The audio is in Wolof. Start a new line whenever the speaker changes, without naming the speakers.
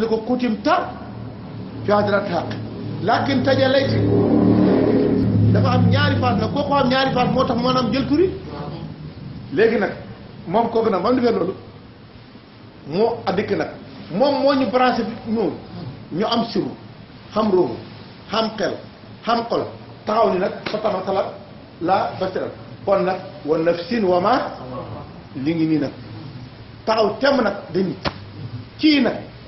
لكم كتمت في هذا الأطلاق لكن تجليت dafa am ñaari phase nag kooku moo tax léegi nag moom kooku nag mam defee loolu moom moo ñu branché ñoom ñu am siru xam ruuxu xam xel xam xol taxaw ni nag fa tama xalaat laa wa nafsin wa ma li ngi nii nag taxaw